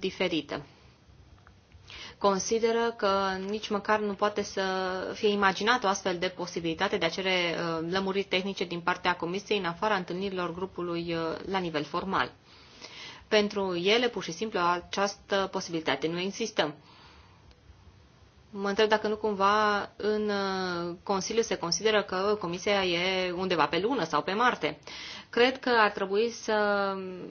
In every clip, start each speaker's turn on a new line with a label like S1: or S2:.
S1: diferită. Consideră că nici măcar nu poate să fie imaginat o astfel de posibilitate de a cere uh, lămuriri tehnice din partea Comisiei în afara întâlnirilor grupului uh, la nivel formal. Pentru ele, pur și simplu, această posibilitate nu există. Mă întreb dacă nu cumva în uh, Consiliu se consideră că Comisia e undeva pe lună sau pe Marte. Cred că ar trebui să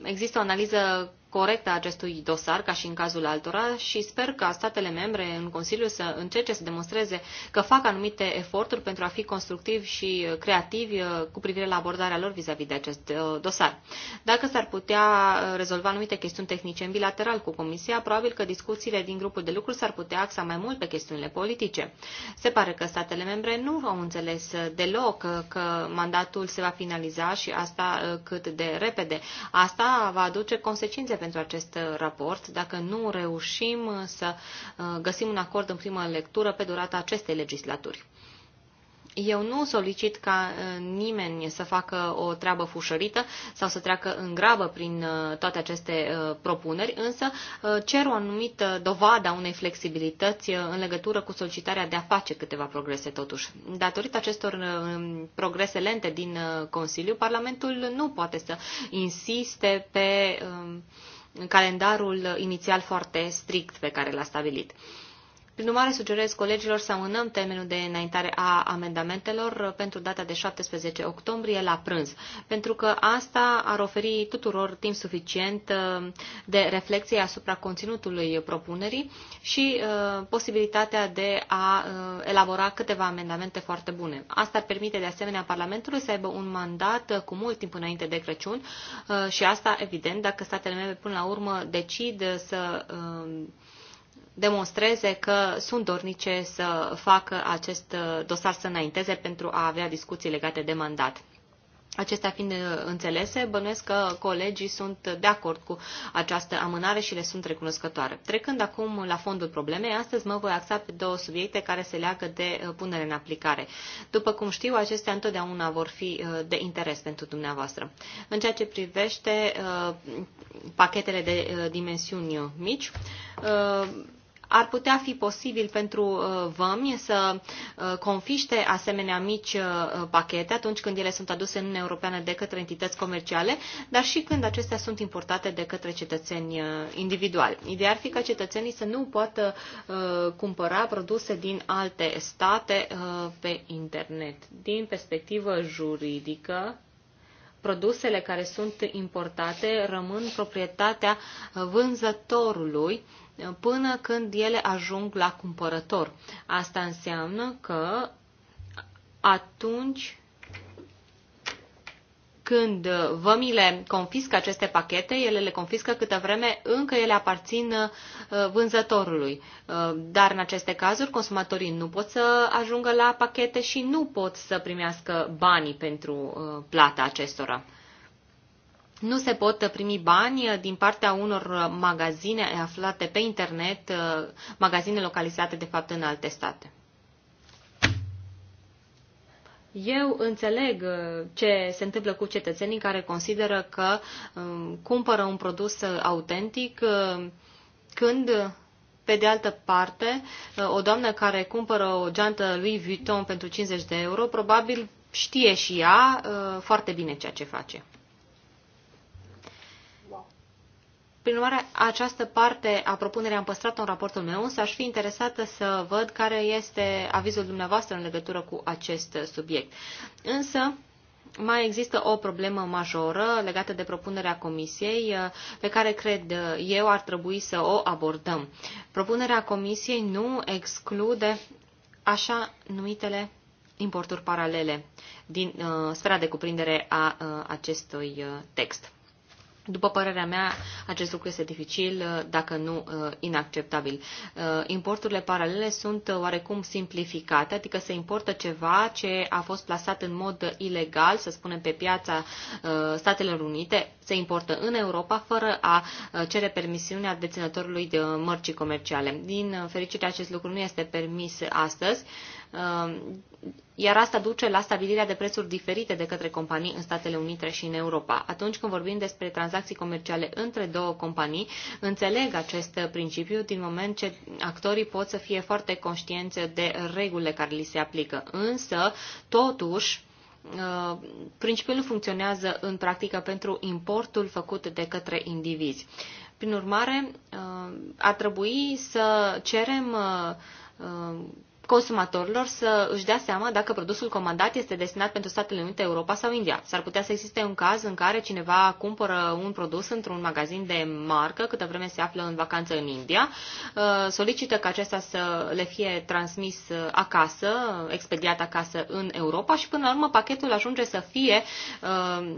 S1: există o analiză corectă a acestui dosar, ca și în cazul altora, și sper ca statele membre în Consiliu să încerce să demonstreze că fac anumite eforturi pentru a fi constructivi și creativi uh, cu privire la abordarea lor vis-a-vis -vis de acest uh, dosar. Dacă s-ar putea uh, rezolva anumite chestiuni tehnice în bilateral cu Comisia, probabil că discuțiile din grupul de lucru s-ar putea axa mai mult pe chestiunile politice. Se pare că statele membre nu au înțeles deloc că mandatul se va finaliza și asta cât de repede. Asta va aduce consecințe pentru acest raport dacă nu reușim să uh, găsim un acord în primă lectură pe durata acestei legislaturi. Eu nu solicit ca uh, nimeni să facă o treabă fușărită sau să treacă în grabă prin uh, toate aceste uh, propuneri, însă cer o anumită dovadă a unei flexibilități în legătură cu solicitarea de a face câteva progrese totuși. Datorită acestor progrese lente din Consiliu, Parlamentul nu poate să insiste pe um, calendarul inițial foarte strict pe care l-a stabilit. Prin urmare, sugerez colegilor să amânăm termenul de înaintare a amendamentelor uh, pentru data de 17 octombrie la prânz, pentru că asta ar oferi tuturor timp suficient uh, de reflexie asupra conținutului propunerii și uh, posibilitatea de a elabora câteva amendamente foarte bune. Asta ar permite de asemenea Parlamentului să aibă un mandat cu mult timp înainte de Crăciun și asta, evident, dacă statele membre până la urmă decid să demonstreze că sunt dornice să facă acest uh, dosar să înainteze pentru a avea discuții legate de mandat. Acestea fiind uh, înțelese, bănuiesc că colegii sunt de acord cu această amânare și le sunt recunoscătoare. Trecând acum la fondul problemei, astăzi mă voi axa pe două subiecte care se leagă de uh, punere în aplicare. După cum știu, acestea întotdeauna vor fi de interes pentru dumneavoastră. În ceea ce privește pachetele de dimensiuni mici, ar putea fi posibil pentru uh, vămi să uh, confiște asemenea mici uh, pachete atunci când ele sunt aduse în Uniunea Europeană de către entități comerciale, dar și când acestea sunt importate de către cetățeni individuali. Ideea ar fi ca cetățenii să nu poată cumpăra produse din alte state pe internet. Din perspectivă juridică, produsele care sunt importate rămân proprietatea vânzătorului până când ele ajung la cumpărător. Asta înseamnă că atunci când vămile confiscă aceste pachete, ele le confiscă câtă vreme încă ele aparțin uh, vânzătorului. Uh, dar în aceste cazuri consumatorii nu pot să ajungă la pachete și nu pot să primească banii pentru uh, plata acestora nu se pot primi bani din partea unor magazine aflate pe internet, magazine localizate de fapt în alte state. Eu înțeleg uh, ce se întâmplă cu cetățenii care consideră că um, cumpără un produs uh, autentic uh, când, pe de altă parte, o doamnă care cumpără o geantă lui Vuitton pentru 50 de euro probabil știe și ea foarte bine ceea ce face. Prin urmare, această parte a propunerii am păstrat-o în raportul meu, însă aș fi interesată să văd care este avizul dumneavoastră în legătură cu acest subiect. Însă, mai există o problemă majoră legată de propunerea Comisiei uh, pe care cred uh, eu ar trebui să o abordăm. Propunerea Comisiei nu exclude așa numitele importuri paralele din uh, sfera de cuprindere a uh, acestui uh, text. După părerea mea, acest lucru este dificil, uh, dacă nu uh, inacceptabil. Uh, importurile paralele sunt oarecum simplificate, adică se importă ceva ce a fost plasat în mod ilegal, să spunem, pe piața Statelor Unite, se importă în Europa fără a cere permisiunea deținătorului de mărcii comerciale. Din fericire, acest lucru nu este permis astăzi Um, iar asta duce la stabilirea de prețuri diferite de către companii în Statele Unite și în Europa. Atunci când vorbim despre tranzacții comerciale între două companii, înțeleg acest principiu din moment ce actorii pot să fie foarte conștienți de regulile care li se aplică. Însă, totuși, uh, principiul funcționează în practică pentru importul făcut de către indivizi. Prin urmare, uh, ar trebui să cerem uh, consumatorilor să își dea seama dacă produsul comandat este destinat pentru Statele Unite, Europa sau India. S-ar putea să existe un caz în care cineva cumpără un produs într-un magazin de marcă, câtă vreme se află în vacanță în India, uh, solicită ca acesta să le fie transmis acasă, expediat acasă în Europa și până la urmă pachetul ajunge să fie uh,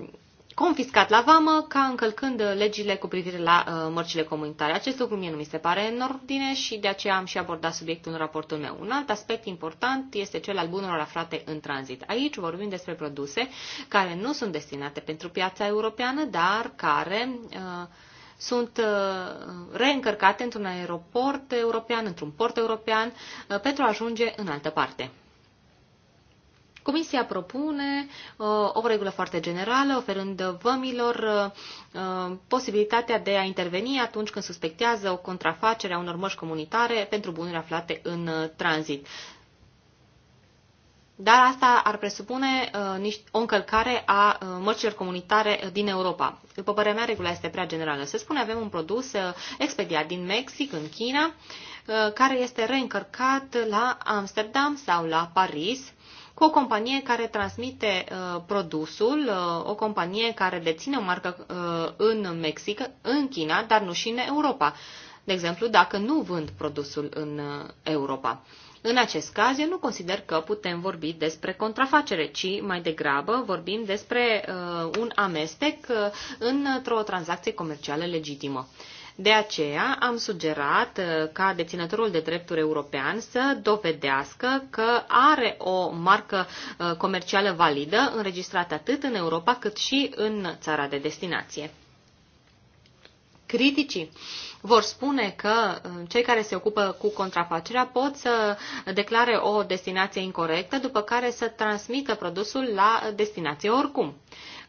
S1: confiscat la vamă ca încălcând legile cu privire la uh, mărcile comunitare. Acest lucru mie nu mi se pare în ordine și de aceea am și abordat subiectul în raportul meu. Un alt aspect important este cel al bunurilor aflate în tranzit. Aici vorbim despre produse care nu sunt destinate pentru piața europeană, dar care uh, sunt uh, reîncărcate într-un aeroport european, într-un port european, uh, pentru a ajunge în altă parte. Comisia propune uh, o regulă foarte generală, oferând vămilor uh, uh, posibilitatea de a interveni atunci când suspectează o contrafacere a unor mărși comunitare pentru bunuri aflate în uh, tranzit. Dar asta ar presupune uh, o încălcare a uh, mărcilor comunitare din Europa. După părerea mea, regula este prea generală. Se spune avem un produs uh, expediat din Mexic în China, uh, care este reîncărcat la Amsterdam sau la Paris, uh, cu o companie care transmite uh, produsul, uh, o companie care deține o marcă uh, în Mexic, în China, dar nu și în Europa. De exemplu, dacă nu vând produsul în uh, Europa. În acest caz, eu nu consider că putem vorbi despre contrafacere, ci mai degrabă vorbim despre uh, un amestec uh, într-o tranzacție comercială legitimă. Uh, de aceea am sugerat uh, ca deținătorul de drepturi european să dovedească că are o marcă uh, comercială validă înregistrată atât în Europa cât și în țara de destinație. Criticii vor spune că uh, cei care se ocupă cu contrafacerea pot să declare o destinație incorrectă, după care să transmită produsul la destinație oricum.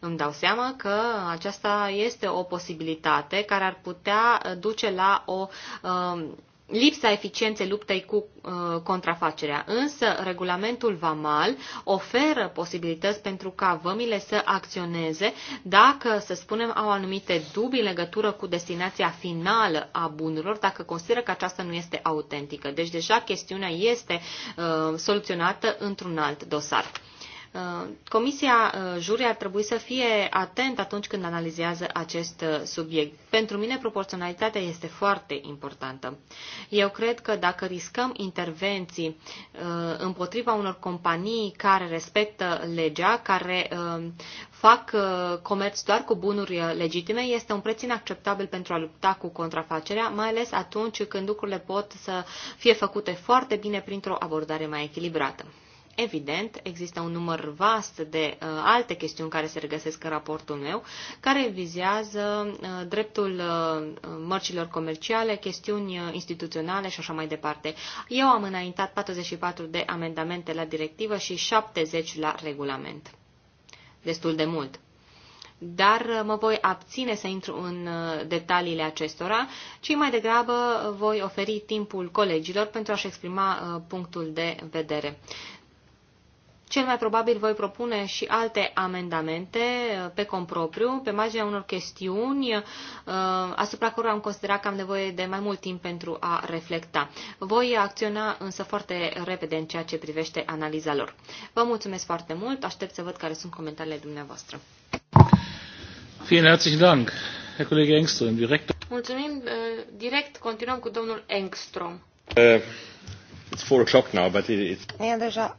S1: Îmi dau seama că aceasta este o posibilitate care ar putea uh, duce la o uh, lipsa eficienței luptei cu uh, contrafacerea. Însă, regulamentul VAMAL oferă posibilități pentru ca vămile să acționeze dacă, să spunem, au anumite dubii în legătură cu destinația finală a bunurilor, dacă consideră că aceasta nu este autentică. Deci, deja chestiunea este uh, soluționată într-un alt dosar. Uh, comisia uh, jurii ar trebui să fie atent atunci când analizează acest uh, subiect. Pentru mine proporționalitatea este foarte importantă. Eu cred că dacă riscăm intervenții împotriva unor companii care respectă legea, care fac comerț doar cu bunuri legitime, este un preț inacceptabil pentru a lupta cu contrafacerea, mai ales atunci când lucrurile pot să fie făcute foarte bine printr-o abordare mai echilibrată. Evident, există un număr vast de uh, alte chestiuni care se regăsesc în raportul meu, care vizează uh, dreptul uh, mărcilor comerciale, chestiuni uh, instituționale și așa mai departe. Eu am înaintat 44 de amendamente la directivă și 70 la regulament. Destul de mult dar uh, mă voi abține să intru în uh, detaliile acestora, ci mai degrabă uh, voi oferi timpul colegilor pentru a-și exprima punctul de vedere. Cel mai probabil voi propune și alte amendamente uh, pe compropriu, pe marginea unor chestiuni uh, asupra cărora am considerat că am nevoie de mai mult timp pentru a reflecta. Voi acționa însă foarte repede în ceea ce privește analiza lor. Vă mulțumesc foarte mult, aștept să văd care sunt comentariile dumneavoastră.
S2: Vielen herzlichen Dank, Herr Kollege Engström. Direkt... Mulțumim. Uh, direct continuăm cu domnul Engström.
S1: Uh, it's four o'clock now,
S2: but it's... E deja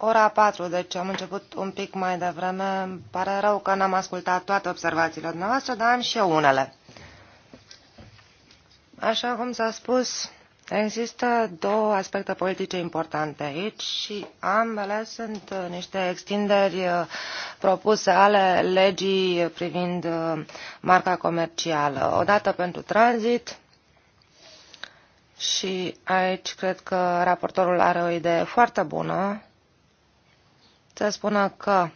S2: Ora 4, deci am început un pic mai devreme. Îmi pare rău că n-am ascultat toate observațiile noastre, dar am și eu unele. Așa cum s-a spus, există două aspecte politice importante aici și ambele sunt uh, niște extinderi uh, propuse ale legii privind uh, marca comercială. o dată pentru tranzit, și aici cred că raportorul are o idee foarte bună să spună că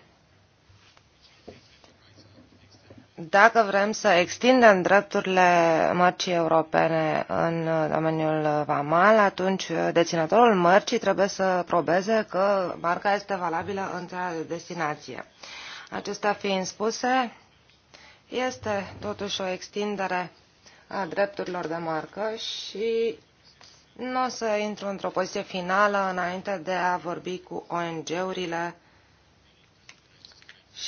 S2: dacă vrem să extindem drepturile mărcii europene în domeniul vamal, atunci deținătorul mărcii trebuie să probeze că marca este valabilă în țara de destinație. Acestea fiind spuse, este totuși o extindere a drepturilor de marcă și nu o să intru într-o poziție finală înainte de a vorbi cu ONG-urile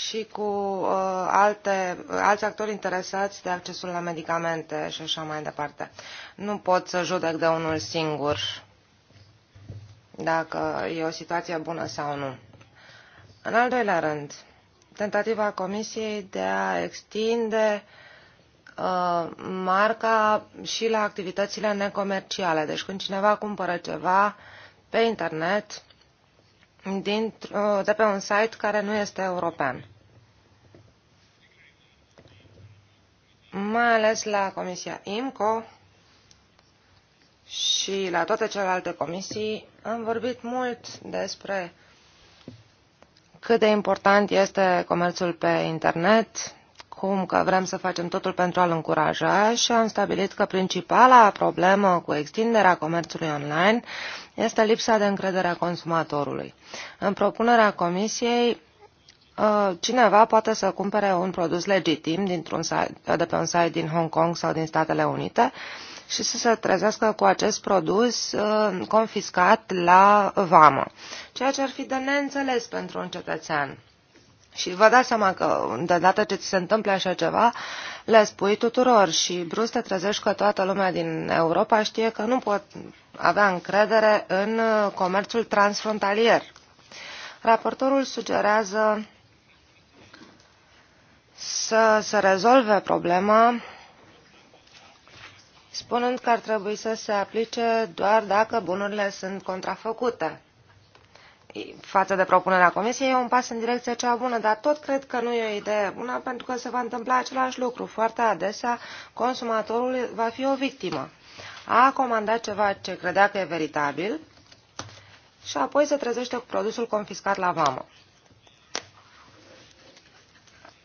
S2: și cu uh, alte, alți actori interesați de accesul la medicamente și așa mai departe. Nu pot să judec de unul singur dacă e o situație bună sau nu. În al doilea rând, tentativa Comisiei de a extinde uh, marca și la activitățile necomerciale. Deci când cineva cumpără ceva pe internet, de pe un site care nu este european. Mai ales la Comisia IMCO și la toate celelalte comisii am vorbit mult despre cât de important este comerțul pe internet, acum că vrem să facem totul pentru a-l încuraja și am stabilit că principala problemă cu extinderea comerțului online este lipsa de încredere a consumatorului. În propunerea Comisiei, ă, cineva poate să cumpere un produs legitim dintr-un site, de pe un site din Hong Kong sau din Statele Unite și să se trezească cu acest produs ă, confiscat la vamă, ceea ce ar fi de neînțeles pentru un cetățean și vă dați seama că de data ce ți se întâmplă așa ceva, le spui tuturor și brusc te trezești că toată lumea din Europa știe că nu pot avea încredere în uh, comerțul transfrontalier. Raportorul sugerează să se rezolve problema spunând că ar trebui să se aplice doar dacă bunurile sunt contrafăcute față de propunerea Comisiei e un pas în direcția cea bună, dar tot cred că nu e o idee bună pentru că se va întâmpla același lucru. Foarte adesea consumatorul va fi o victimă. A comandat ceva ce credea că e veritabil și apoi se trezește cu produsul confiscat la vamă.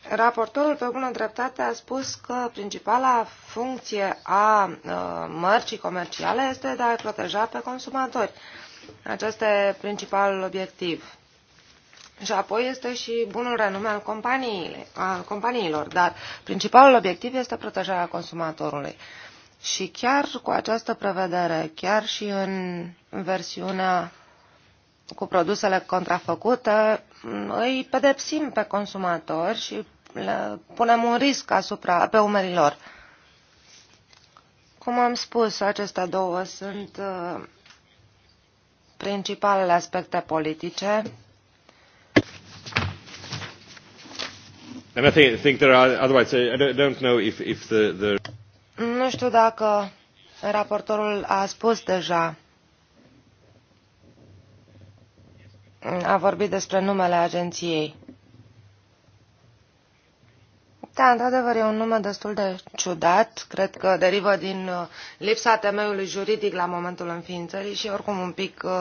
S2: Raportorul, pe bună dreptate, a spus că principala funcție a uh, mărcii comerciale este de a proteja pe consumatori. Acesta e principalul obiectiv. Și apoi este și bunul renume al, al companiilor, dar principalul obiectiv este protejarea consumatorului. Și chiar cu această prevedere, chiar și în versiunea cu produsele contrafăcute, îi pedepsim pe consumatori și le punem un risc asupra, pe umerilor. Cum am spus, acestea două sunt uh, principalele aspecte politice.
S3: And I think, think there are, otherwise I don't, don't know if, if the, the...
S2: Nu știu dacă raportorul a spus deja. A vorbit despre numele agenției. Da, într-adevăr, e un nume destul de ciudat. Cred că derivă din uh, lipsa temeiului juridic la momentul înființării și oricum un pic uh,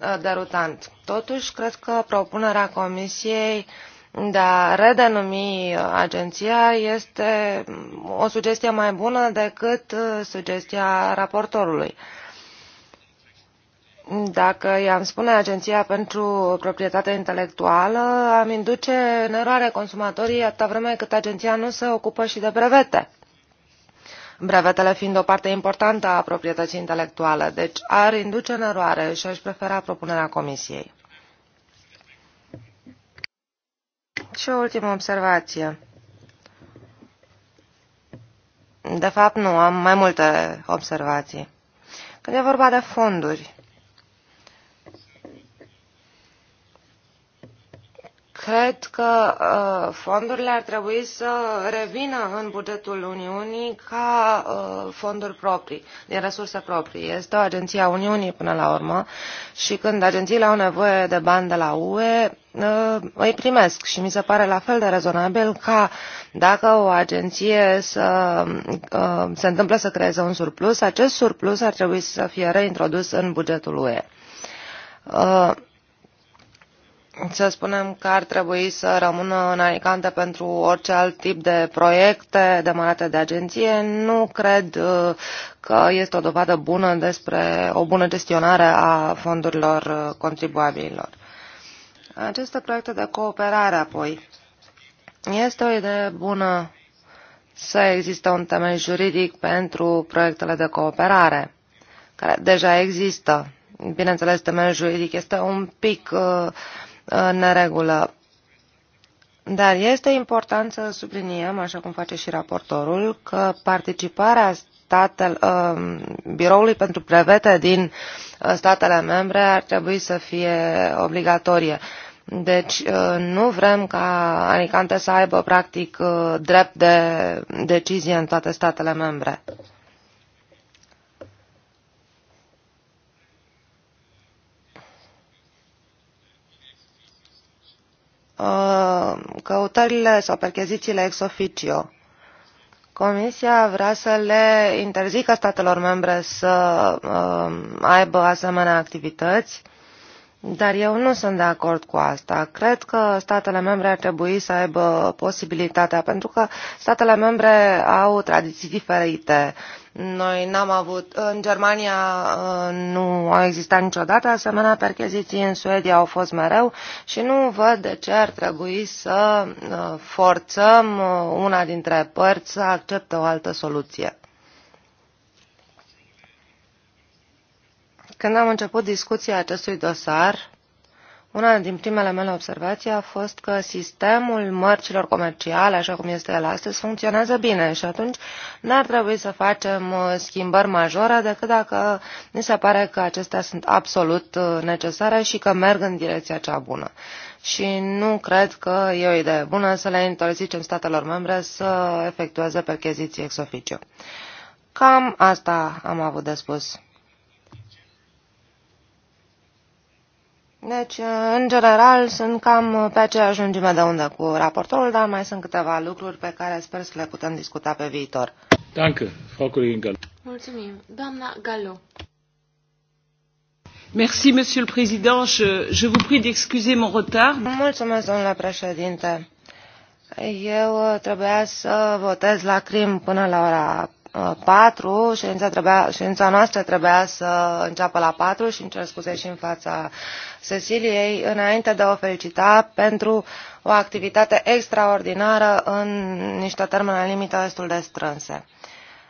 S2: uh, derutant. Totuși, cred că propunerea Comisiei de a redenumi agenția este mm, o sugestie mai bună decât sugestia raportorului. Dacă i-am spune Agenția pentru Proprietatea Intelectuală, am induce în eroare consumatorii atâta vreme cât agenția nu se ocupă și de brevete. Brevetele fiind o parte importantă a proprietății intelectuale, deci ar induce în eroare și aș prefera propunerea Comisiei. Și o ultimă observație. De fapt, nu, am mai multe observații. Când e vorba de fonduri, Cred că uh, fondurile ar trebui să revină în bugetul Uniunii ca uh, fonduri proprii, din resurse proprii. Este o agenție a Uniunii până la urmă și când agențiile au nevoie de bani de la UE, uh, îi primesc și mi se pare la fel de rezonabil ca dacă o agenție să, uh, se întâmplă să creeze un surplus, acest surplus ar trebui să fie reintrodus în bugetul UE. Uh, să spunem că ar trebui să rămână în Alicante pentru orice alt tip de proiecte demarate de agenție. Nu cred uh, că este o dovadă bună despre o bună gestionare a fondurilor uh, contribuabililor. Aceste proiecte de cooperare, apoi, este o idee bună să existe un temei juridic pentru proiectele de cooperare, care deja există. Bineînțeles, temeiul juridic este un pic uh, neregulă. Dar este important să subliniem, așa cum face și raportorul, că participarea statel, uh, biroului pentru brevete din uh, statele membre ar trebui să fie obligatorie. Deci uh, nu vrem ca Alicante să aibă practic drept de decizie în toate statele membre. Uh, căutările sau perchezițiile ex officio. Comisia vrea să le interzică statelor membre să uh, aibă asemenea activități, dar eu nu sunt de acord cu asta. Cred că statele membre ar trebui să aibă posibilitatea, pentru că statele membre au tradiții diferite noi n-am avut, în Germania uh, nu a existat niciodată asemenea percheziții, în Suedia au fost mereu și nu văd de ce ar trebui să uh, forțăm uh, una dintre părți să accepte o altă soluție. Când am început discuția acestui dosar, una din primele mele observații a fost că sistemul mărcilor comerciale, așa cum este el astăzi, funcționează bine și atunci n-ar trebui să facem uh, schimbări majore decât dacă ni se pare că acestea sunt absolut uh, necesare și că merg în direcția cea bună. Și nu cred că e o idee bună să le interzicem statelor membre să efectueze percheziții ex officio. Cam asta am avut de spus. Deci, în general, sunt cam pe aceeași lungime de undă cu raportorul, dar mai sunt câteva lucruri pe care sper să le putem discuta pe viitor. Danke, Frau Kollegin Gallo.
S3: Mulțumim. Doamna Gallo.
S2: Merci, Monsieur le Président. Je, je vous prie d'excuser mon retard. Mulțumesc, domnule președinte. Eu trebuia să votez la CRIM până la ora 4, ședința, trebuia, ședința noastră trebuia să înceapă la 4 și îmi cer scuze și în fața Ceciliei, înainte de a o felicita pentru o activitate extraordinară în niște termene limită destul de strânse.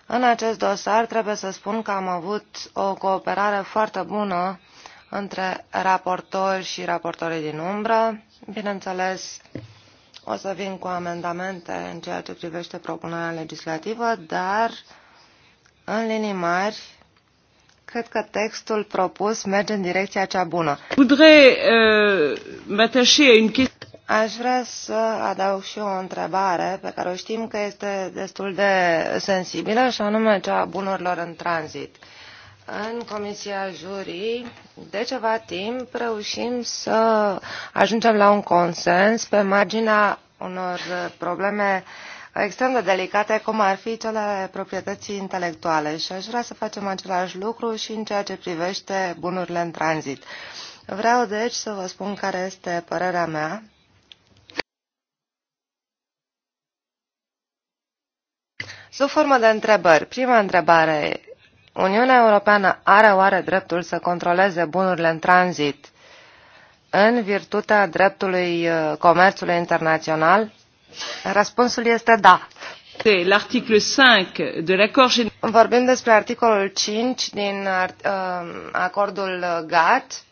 S2: În acest dosar trebuie să spun că am avut o cooperare foarte bună între raportori și raportorii din umbră. Bineînțeles, o să vin cu amendamente în ceea ce privește propunerea legislativă, dar în linii mari cred că textul propus merge în direcția cea bună. Euh, Aș vrea să adaug și o întrebare pe care o știm că este destul de sensibilă și anume cea a bunurilor în tranzit în Comisia Jurii, de ceva timp, reușim să ajungem la un consens pe marginea unor probleme extrem de delicate, cum ar fi cele proprietății intelectuale. Și aș vrea să facem același lucru și în ceea ce privește bunurile în tranzit. Vreau, deci, să vă spun care este părerea mea Sub formă de întrebări, prima întrebare Uniunea Europeană are oare dreptul să controleze bunurile în tranzit în virtutea dreptului uh, comerțului internațional? Răspunsul este da. L'article 5 de l'accord Vorbim despre articolul 5 din uh, acordul GATT,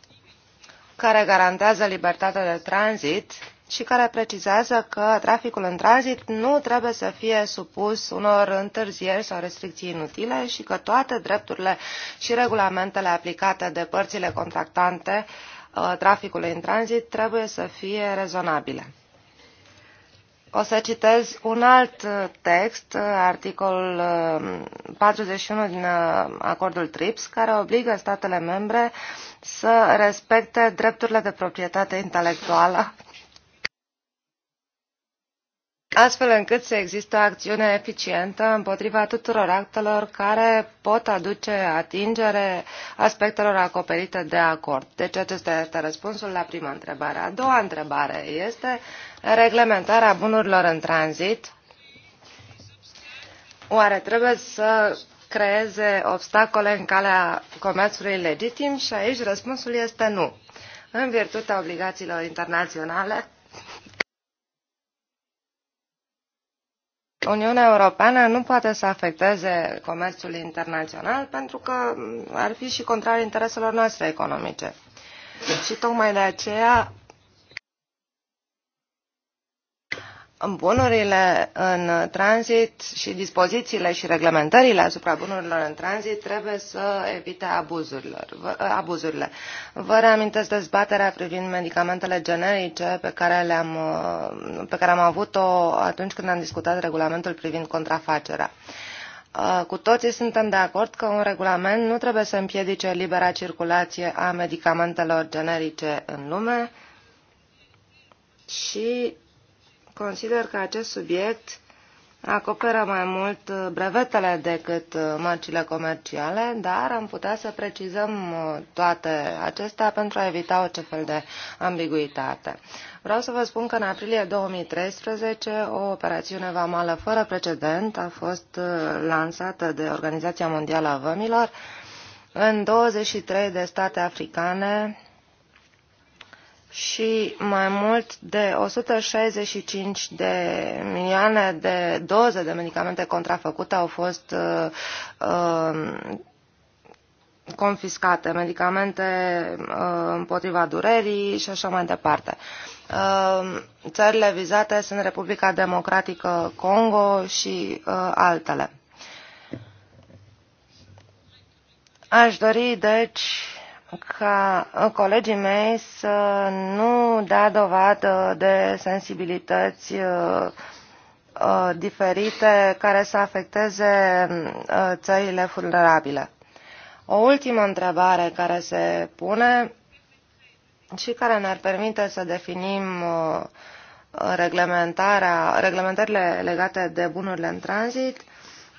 S2: care garantează libertatea de tranzit și care precizează că traficul în tranzit nu trebuie să fie supus unor întârzieri sau restricții inutile și că toate drepturile și regulamentele aplicate de părțile contractante uh, traficului în tranzit trebuie să fie rezonabile. O să citez un alt uh, text, uh, articolul 41 din acordul TRIPS, care obligă statele membre să respecte drepturile de proprietate intelectuală astfel încât să existe o acțiune eficientă împotriva tuturor actelor care pot aduce atingere aspectelor acoperite de acord. Deci acesta este răspunsul la prima întrebare. A doua întrebare este reglementarea bunurilor în tranzit. Oare trebuie să creeze obstacole în calea comerțului legitim? Și aici răspunsul este nu. În virtutea obligațiilor internaționale, Uniunea Europeană nu poate să afecteze comerțul internațional pentru că ar fi și contrar intereselor noastre economice. Și tocmai de aceea bunurile în tranzit și dispozițiile și reglementările asupra bunurilor în tranzit trebuie să evite abuzurile. Vă reamintesc dezbaterea privind medicamentele generice pe care, le-am, pe care am avut-o atunci când am discutat regulamentul privind contrafacerea. Cu toții suntem de acord că un regulament nu trebuie să împiedice libera circulație a medicamentelor generice în lume și Consider că acest subiect acoperă mai mult uh, brevetele decât uh, mărcile comerciale, dar am putea să precizăm uh, toate acestea pentru a evita orice fel de ambiguitate. Vreau să vă spun că în aprilie 2013 o operațiune vamală fără precedent a fost lansată de Organizația Mondială a Vămilor în 23 de state africane și mai mult de 165 de milioane de doze de medicamente contrafăcute au fost uh, uh, confiscate, medicamente uh, împotriva durerii și așa mai departe. Uh, țările vizate sunt Republica Democratică Congo și uh, altele. Aș dori, deci, ca colegii mei să nu dea dovadă de sensibilități uh, uh, diferite care să afecteze uh, țările vulnerabile. O ultimă întrebare care se pune și care ne-ar permite să definim reglementarea, reglementările legate de bunurile în tranzit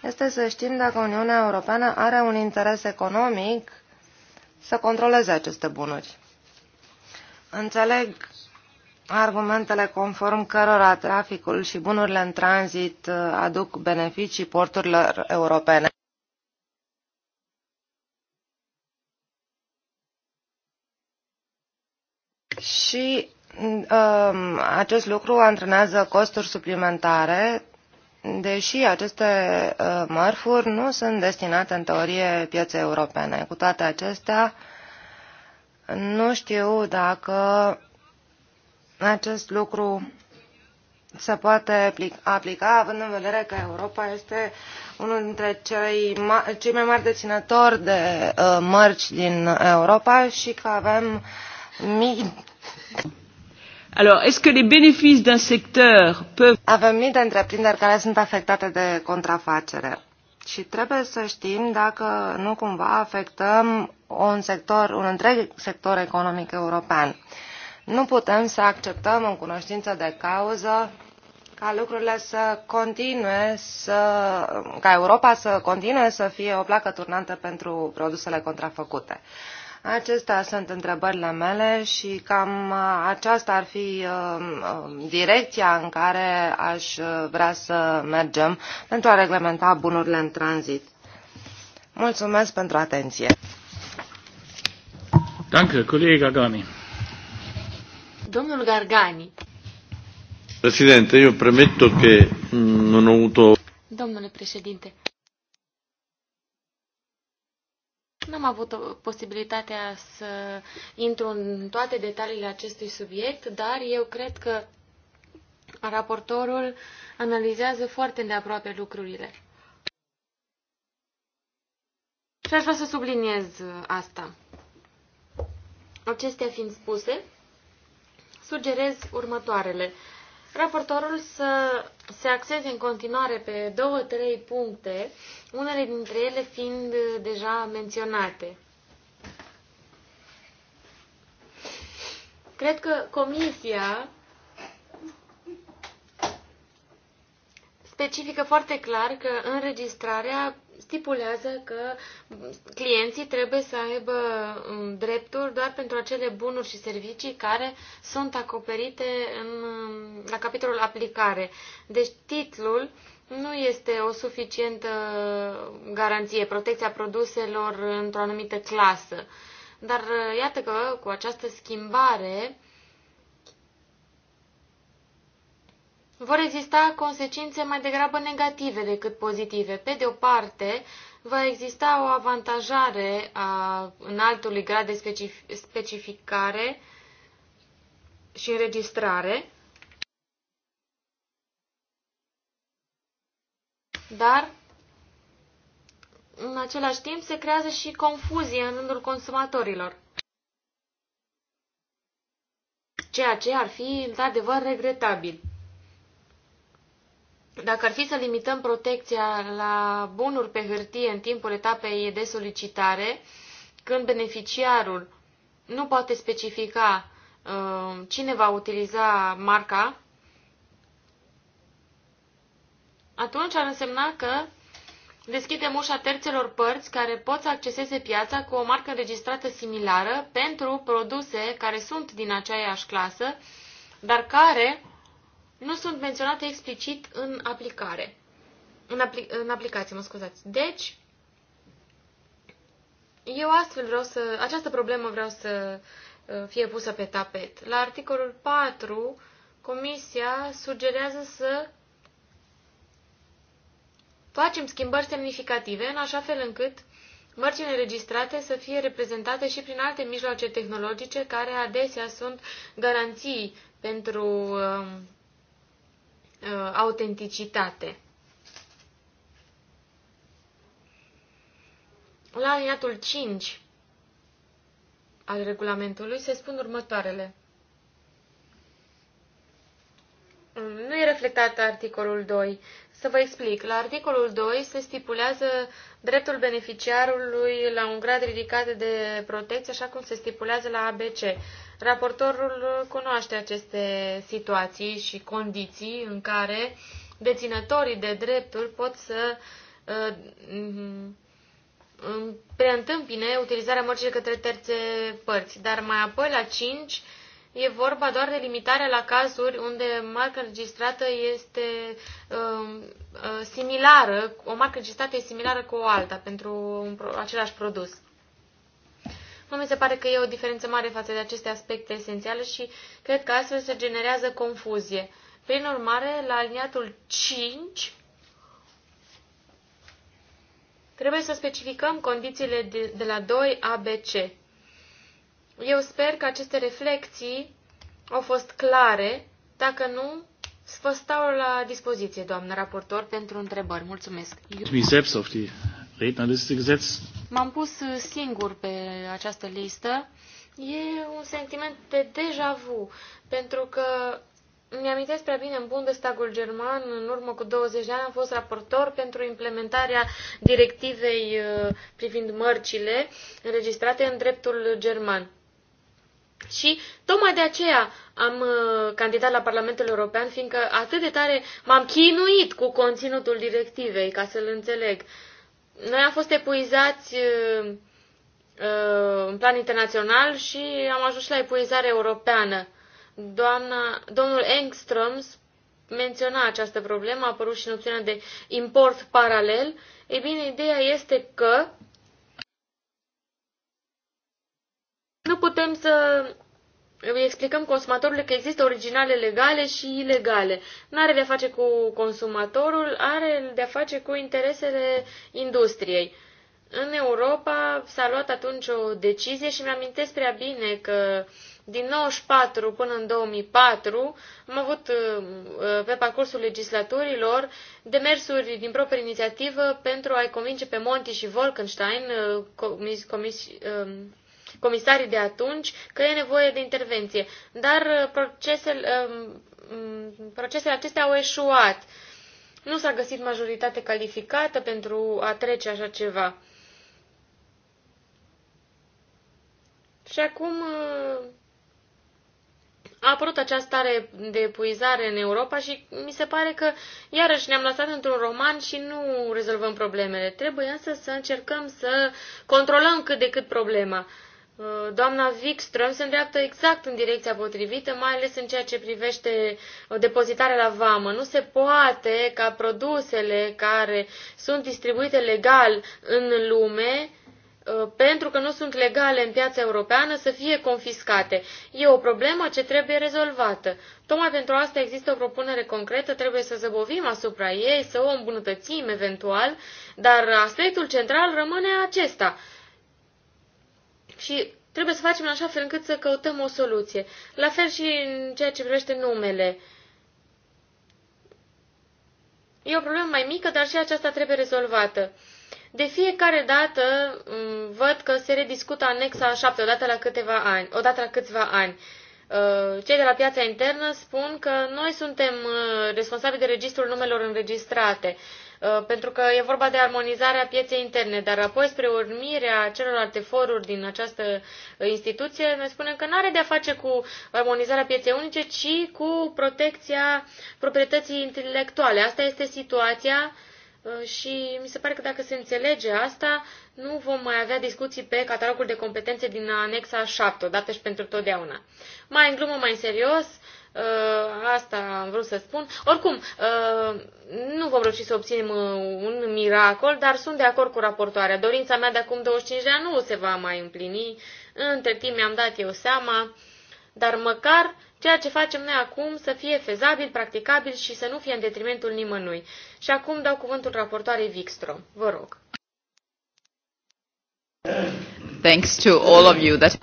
S2: este să știm dacă Uniunea Europeană are un interes economic să controleze aceste bunuri. Înțeleg argumentele conform cărora traficul și bunurile în tranzit uh, aduc beneficii porturilor europene. Și mm, um, acest lucru antrenează costuri suplimentare deși aceste uh, mărfuri nu sunt destinate în teorie pieței europene. Cu toate acestea, nu știu dacă acest lucru se poate aplica, având în vedere că Europa este unul dintre cei, ma- cei mai mari deținători de uh, mărci din Europa și că avem mii Alors, est-ce que les bénéfices d'un secteur peuvent... Avem mii de întreprinderi care sunt afectate de contrafacere și trebuie să știm dacă nu cumva afectăm un sector, un întreg sector economic european. Nu putem să acceptăm în cunoștință de cauză ca lucrurile să continue să, ca Europa să continue să fie o placă turnantă pentru produsele contrafăcute. Acestea sunt întrebările mele și cam uh, aceasta ar fi uh, uh, direcția în care aș vrea să mergem pentru a reglementa bunurile în tranzit. Mulțumesc pentru atenție. Danke, colega Gargani.
S3: Domnul Gargani.
S2: Presidente, eu
S1: premetto che non ho avuto...
S3: Domnule președinte, N-am avut posibilitatea să intru în toate detaliile acestui subiect, dar eu cred că raportorul analizează foarte îndeaproape lucrurile. Și aș vrea să subliniez asta. Acestea fiind spuse, sugerez următoarele raportorul să se axeze în continuare pe două, trei puncte, unele dintre ele fiind deja menționate. Cred că comisia specifică foarte clar că înregistrarea stipulează că clienții trebuie să aibă um, drepturi doar pentru acele bunuri și servicii care sunt acoperite în, um, la capitolul aplicare. Deci titlul nu este o suficientă garanție, protecția produselor într-o anumită clasă. Dar uh, iată că cu această schimbare vor exista consecințe mai degrabă negative decât pozitive. Pe de o parte, va exista o avantajare a înaltului grad de specific specificare și înregistrare, dar în același timp se creează și confuzie în rândul consumatorilor. Ceea ce ar fi, într-adevăr, regretabil. Dacă ar fi să limităm protecția la bunuri pe hârtie în timpul etapei de solicitare, când beneficiarul nu poate specifica uh, cine va utiliza marca, atunci ar însemna că deschidem ușa terțelor părți care pot să acceseze piața cu o marcă înregistrată similară pentru produse care sunt din aceeași clasă, dar care nu sunt menționate explicit în aplicare. În, apli- în aplicație, mă scuzați. Deci, eu astfel vreau să... Această problemă vreau să uh, fie pusă pe tapet. La articolul 4, Comisia sugerează să facem schimbări semnificative în așa fel încât mărcile înregistrate să fie reprezentate și prin alte mijloace tehnologice care adesea sunt garanții pentru um, uh, autenticitate. La aliniatul 5 al regulamentului se spun următoarele. Nu e reflectat articolul 2. Să vă explic. La articolul 2 se stipulează dreptul beneficiarului la un grad ridicat de protecție, așa cum se stipulează la ABC. Raportorul cunoaște aceste situații și condiții în care deținătorii de drepturi pot să uh, mm, mm, preîntâmpine utilizarea mărcii către terțe părți, dar mai apoi la 5 e vorba doar de limitarea la cazuri unde marca registrată este um, uh, similară, o marcă registrată e similară cu o alta pentru un, același produs. Nu mi se pare că e o diferență mare față de aceste aspecte esențiale și cred că astfel se generează confuzie. Prin urmare, la aliniatul 5 trebuie să specificăm condițiile de, de la 2 ABC. Eu sper că aceste reflexii au fost clare. Dacă nu, vă stau la dispoziție, doamnă raportor, pentru întrebări. Mulțumesc. Ich
S2: selbst auf die Rednerliste
S3: gesetzt. M-am pus uh, singur pe această listă. E un sentiment de deja vu, pentru că mi-amintesc prea bine, în Bundestagul german, în urmă cu 20 de ani, am fost raportor pentru implementarea directivei uh, privind mărcile înregistrate în dreptul german. Și tocmai de aceea am uh, candidat la Parlamentul European, fiindcă atât de tare m-am chinuit cu conținutul directivei, ca să-l înțeleg. Uh, noi am fost epuizați uh, uh, în plan internațional și am ajuns și la epuizare europeană. Doamna, domnul Engström menționa această problemă, a apărut și noțiunea de import paralel. Ei bine, ideea este că nu putem să îi explicăm consumatorului că există originale legale și ilegale. Nu are de-a face cu consumatorul, are de-a face cu interesele industriei. În Europa s-a luat atunci o decizie și mi-amintesc prea bine că din 94 până în 2004 am avut uh, pe parcursul legislaturilor demersuri din proprie inițiativă pentru a-i convinge pe Monti și Wolkenstein, uh, comis, comis, um, comisarii de atunci că e nevoie de intervenție. Dar uh, procesele, um, um, procesele acestea au eșuat. Nu s-a găsit majoritate calificată pentru a trece așa ceva. Și acum uh, a apărut această stare de epuizare în Europa și mi se pare că iarăși ne-am lăsat într-un roman și nu rezolvăm problemele. Trebuie însă să încercăm să controlăm cât de cât problema. Uh, doamna Wikström se îndreaptă exact în direcția potrivită, mai ales în ceea ce privește uh, depozitarea la vamă. Nu se poate ca produsele care sunt distribuite legal în lume uh, pentru că nu sunt legale în piața europeană, să fie confiscate. E o problemă ce trebuie rezolvată. Tocmai pentru asta există o propunere concretă, trebuie să zăbovim asupra ei, să o îmbunătățim eventual, dar aspectul central rămâne acesta – și trebuie să facem în așa fel încât să căutăm o soluție. La fel și în ceea ce privește numele. E o problemă mai mică, dar și aceasta trebuie rezolvată. De fiecare dată mm, văd că se rediscută anexa 7 odată la câteva ani, odată la câțiva ani. Uh, cei de la piața internă spun că noi suntem uh, responsabili de registrul numelor înregistrate. Uh, pentru că e vorba de armonizarea pieței interne, dar apoi spre urmirea celorlalte foruri din această instituție, noi spunem că nu are de-a face cu armonizarea pieței unice, ci cu protecția proprietății intelectuale. Asta este situația uh, și mi se pare că dacă se înțelege asta, nu vom mai avea discuții pe catalogul de competențe din anexa 7, odată și pentru totdeauna. Mai în glumă, mai în serios, uh, Uh, asta am vrut să spun. Oricum, uh, nu vom reuși să obținem uh, un miracol, dar sunt de acord cu raportoarea. Dorința mea de acum 25 de ani nu se va mai împlini. Între timp mi-am dat eu seama, dar măcar ceea ce facem noi acum să fie fezabil, practicabil și să nu fie în detrimentul nimănui. Și acum dau cuvântul raportoarei Vixtro. Vă rog.
S1: Thanks to all of you that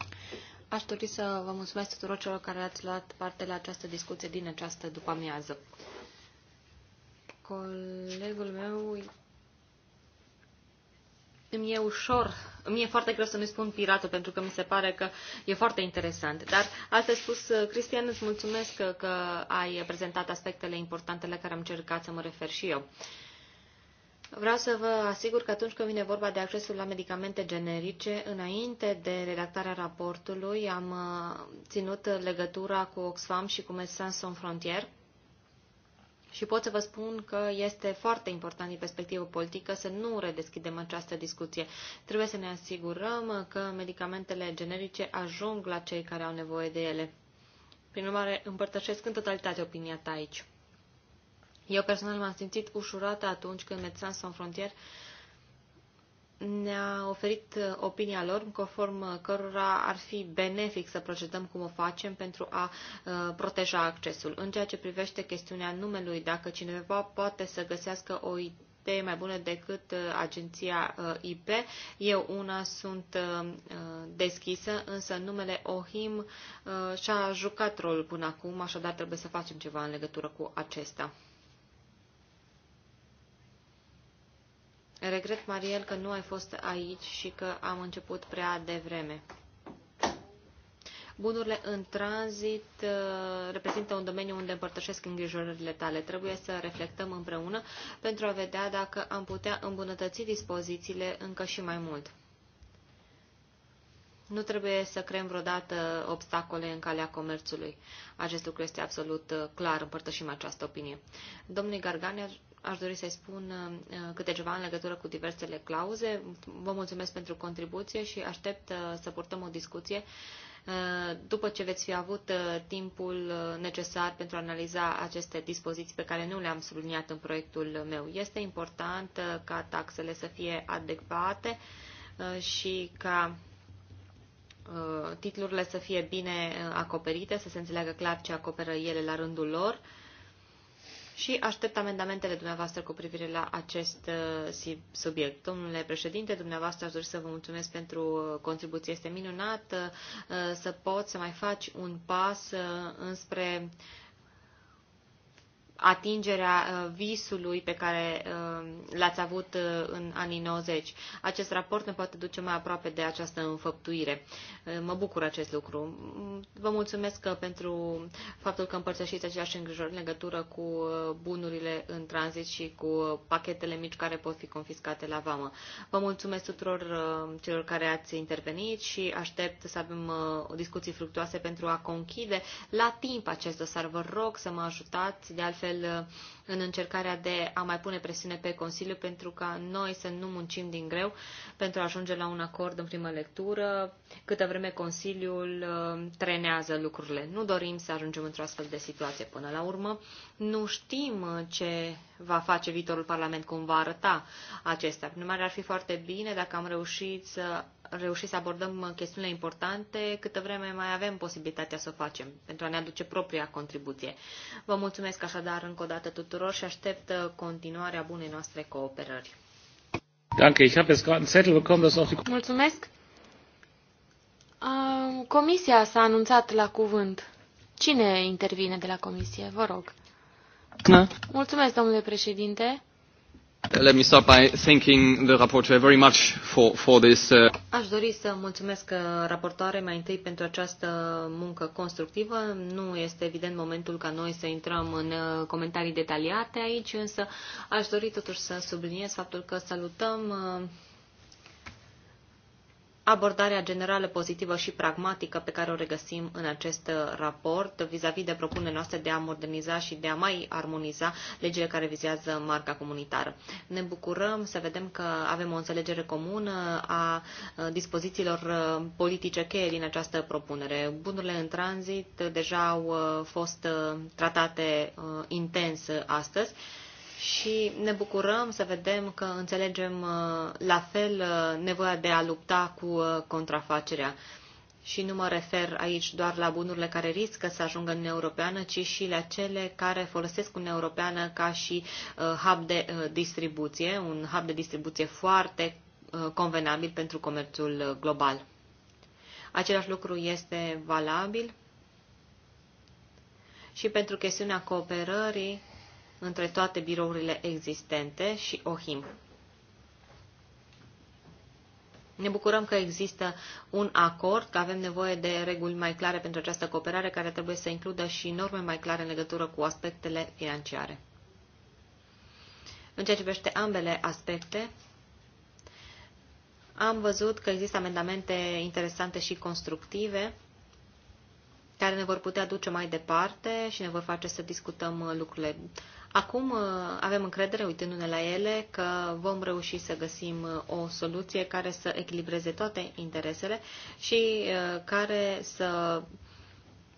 S1: Aș dori să vă mulțumesc tuturor celor care ați luat parte la această discuție din această după-amiază. Colegul meu îmi e ușor, îmi e foarte greu să nu spun piratul, pentru că mi se pare că e foarte interesant. Dar, altfel spus, Cristian, îți mulțumesc că, că ai prezentat aspectele importante la care am încercat să mă refer și eu. Uh, Vreau să vă asigur că atunci când vine vorba de accesul la medicamente generice, înainte de redactarea raportului, am uh, ținut legătura cu Oxfam și cu Médecins Sans Frontières și pot să vă spun că este foarte important din perspectivă politică să nu redeschidem această discuție. Trebuie să ne asigurăm că medicamentele generice ajung la cei care au nevoie de ele. Prin urmare, împărtășesc în totalitate opinia ta aici. Eu personal m-am simțit ușurată atunci când Médecins Sans Frontier ne-a oferit uh, opinia lor, conform uh, cărora ar fi benefic să procedăm cum o facem pentru a uh, proteja accesul. În ceea ce privește chestiunea numelui, dacă cineva poate să găsească o idee mai bună decât agenția IP, eu una sunt deschisă, însă numele OHIM și-a jucat rolul până acum, așadar trebuie să facem ceva în legătură cu acesta. Regret, Mariel, că nu ai fost aici și că am început prea devreme. Bunurile în tranzit uh, reprezintă un domeniu unde împărtășesc îngrijorările tale. Trebuie să reflectăm împreună pentru a vedea dacă am putea îmbunătăți dispozițiile încă și mai mult. Nu trebuie să creăm vreodată obstacole în calea comerțului. Acest lucru este absolut uh, clar, împărtășim această opinie. Domnul Garganer. Aș dori să-i spun uh, câte ceva în legătură cu diversele clauze. Vă mulțumesc pentru contribuție și aștept uh, să purtăm o discuție uh, după ce veți fi avut timpul necesar pentru a analiza aceste dispoziții pe care nu le-am subliniat în proiectul meu. Este important ca taxele să fie adecvate și ca titlurile să fie bine acoperite, să se înțeleagă clar ce acoperă ele la rândul lor și aștept amendamentele dumneavoastră cu privire la acest uh, subiect. Domnule președinte, dumneavoastră aș dori să vă mulțumesc pentru uh, contribuție. Este minunat uh, să pot să mai faci un pas înspre atingerea uh, visului pe care uh, l-ați avut uh, în anii 90. Acest raport ne poate duce mai aproape de această înfăptuire. Mă bucur acest lucru. Vă mulțumesc pentru faptul că împărțășiți aceeași îngrijorări în legătură cu bunurile în tranzit și cu pachetele mici care pot fi confiscate la vamă. Vă mulțumesc tuturor celor care ați intervenit și aștept să avem o discuții fructuoase pentru a conchide la timp acest dosar. Vă rog să mă ajutați de altfel altfel în încercarea de a mai pune presiune pe Consiliu pentru ca noi să nu muncim din greu pentru a ajunge la un acord în primă lectură, câtă vreme Consiliul uh, trenează lucrurile. Nu dorim să ajungem într-o astfel de situație până la urmă. Nu știm uh, ce va face viitorul Parlament, cum va arăta acesta. Numai ar fi foarte bine dacă am reușit să reușit să abordăm chestiunile importante, câtă vreme mai avem posibilitatea să o facem pentru a ne aduce propria contribuție. Vă mulțumesc așadar încă o dată tuturor și aștept uh, continuarea bunei noastre cooperări.
S2: Danke, ich habe jetzt gerade einen Zettel bekommen, dass auch die
S3: Mulțumesc. Uh, comisia s-a anunțat la cuvânt. Cine intervine de la comisie? Vă rog. Mulțumesc,
S1: domnule președinte. Let me start by thanking the rapporteur very much for, for this. Uh... Aș dori să mulțumesc uh, raportoare mai întâi pentru această muncă constructivă. Nu este evident momentul ca noi să intrăm în uh, comentarii detaliate aici, însă aș dori totuși să subliniez faptul că salutăm uh, abordarea generală pozitivă și pragmatică pe care o regăsim în acest uh, raport vis-a-vis -vis de propunerea noastră de a moderniza și de a mai armoniza legile care vizează marca comunitară. Ne bucurăm să vedem că avem o înțelegere comună a uh, dispozițiilor uh, politice cheie din această propunere. Bunurile în tranzit deja au fost tratate intens astăzi și ne bucurăm să vedem că înțelegem uh, la fel uh, nevoia de a lupta cu uh, contrafacerea. Și nu mă refer aici doar la bunurile care riscă să ajungă în Europeană, ci și la cele care folosesc Uniunea Europeană ca și hub de distribuție, un hub de distribuție foarte convenabil pentru comerțul global. Același lucru este valabil și pentru chestiunea cooperării între toate birourile existente și OHIM. Ne bucurăm că există un acord, că avem nevoie de reguli mai clare pentru această cooperare, care trebuie să includă și norme mai clare în legătură cu aspectele financiare. În ceea ce privește ambele aspecte, am văzut că există amendamente interesante și constructive care ne vor putea duce mai departe și ne vor face să discutăm lucrurile Acum uh, avem încredere, uitându-ne la ele, că vom reuși să găsim uh, o soluție care să echilibreze toate interesele și uh, care să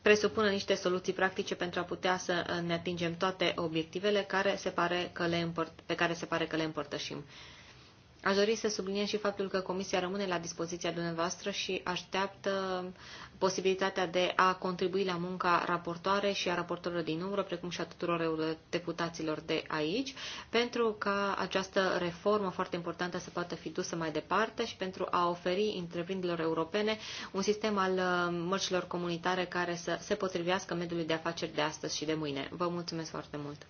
S1: presupună niște soluții practice pentru a putea să ne atingem toate obiectivele care se pare că le împăr- pe care se pare că le împărtășim. Aș dori să subliniez și faptul că Comisia rămâne la dispoziția dumneavoastră și așteaptă posibilitatea de a contribui la munca raportoare și a raportorilor din umbră, precum și a tuturor deputaților de aici, pentru ca această reformă foarte importantă să poată fi dusă mai departe și pentru a oferi întreprinderilor europene un sistem al uh, mărcilor comunitare care să se potrivească mediului de afaceri de astăzi și de mâine. Vă mulțumesc foarte mult!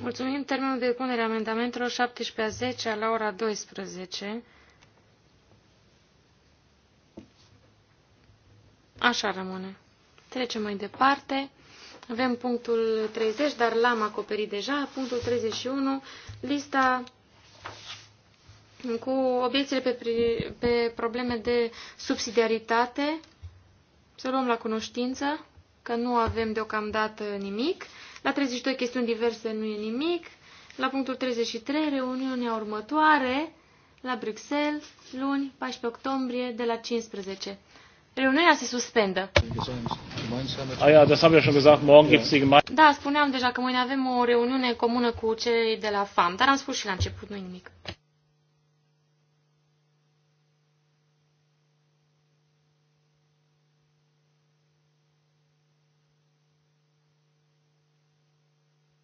S1: Mulțumim. Termenul de depunere a amendamentelor 17 a 10 la ora
S3: 12. Așa rămâne. Trecem mai departe. Avem punctul 30, dar l-am acoperit deja. Punctul 31, lista cu obiecțiile pe, pe probleme de subsidiaritate. Să luăm la cunoștință că nu avem deocamdată nimic. La 32 chestiuni diverse nu e nimic. La punctul 33, reuniunea următoare la Bruxelles, luni, 14 octombrie, de la 15. Reuniunea se suspendă. Ah da, spuneam deja că mâine avem o reuniune comună cu cei de la FAM, dar am spus și la început, nu nimic.